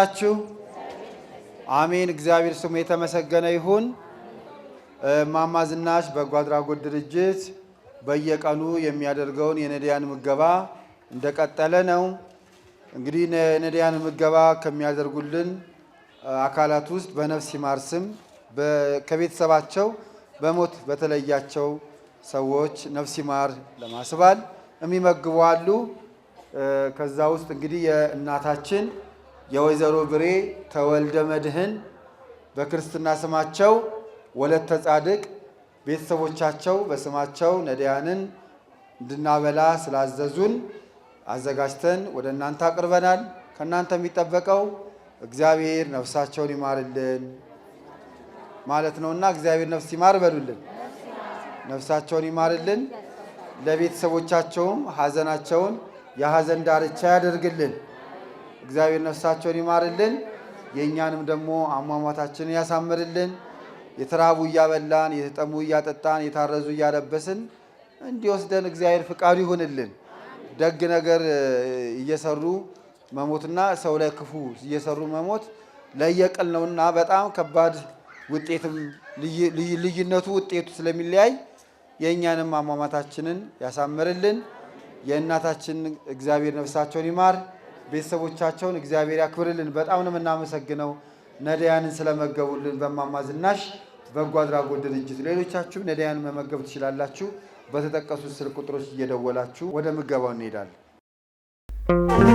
አላችሁ? አሜን። እግዚአብሔር ስሙ የተመሰገነ ይሁን። እማማ ዝናሽ በጎ አድራጎት ድርጅት በየቀኑ የሚያደርገውን የነዳያን ምገባ እንደቀጠለ ነው። እንግዲህ ነዳያን ምገባ ከሚያደርጉልን አካላት ውስጥ በነፍስ ይማር ስም ከቤተሰባቸው በሞት በተለያቸው ሰዎች ነፍስ ይማር ለማስባል የሚመግቡ አሉ። ከዛ ውስጥ እንግዲህ የእናታችን የወይዘሮ ብሬ ተወልደ መድህን በክርስትና ስማቸው ወለተ ጻድቅ ቤተሰቦቻቸው በስማቸው ነዳያንን እንድናበላ ስላዘዙን አዘጋጅተን ወደ እናንተ አቅርበናል። ከእናንተ የሚጠበቀው እግዚአብሔር ነፍሳቸውን ይማርልን ማለት ነውና እግዚአብሔር ነፍስ ይማር በሉልን። ነፍሳቸውን ይማርልን፣ ለቤተሰቦቻቸውም ሐዘናቸውን የሐዘን ዳርቻ ያደርግልን። እግዚአብሔር ነፍሳቸውን ይማርልን፣ የእኛንም ደግሞ አሟሟታችንን ያሳምርልን። የተራቡ እያበላን፣ የተጠሙ እያጠጣን፣ የታረዙ እያለበስን እንዲወስደን እግዚአብሔር ፍቃዱ ይሁንልን። ደግ ነገር እየሰሩ መሞትና ሰው ላይ ክፉ እየሰሩ መሞት ለየቅል ነውና በጣም ከባድ ውጤትም ልዩነቱ ውጤቱ ስለሚለያይ የእኛንም አሟሟታችንን ያሳምርልን። የእናታችን እግዚአብሔር ነፍሳቸውን ይማር። ቤተሰቦቻቸውን እግዚአብሔር ያክብርልን። በጣም ነው የምናመሰግነው ነዳያንን ስለመገቡልን በማማዝናሽ ዝናሽ በጎ አድራጎት ድርጅት። ሌሎቻችሁም ነዳያን መመገብ ትችላላችሁ። በተጠቀሱት ስልክ ቁጥሮች እየደወላችሁ ወደ ምገባው እንሄዳለን።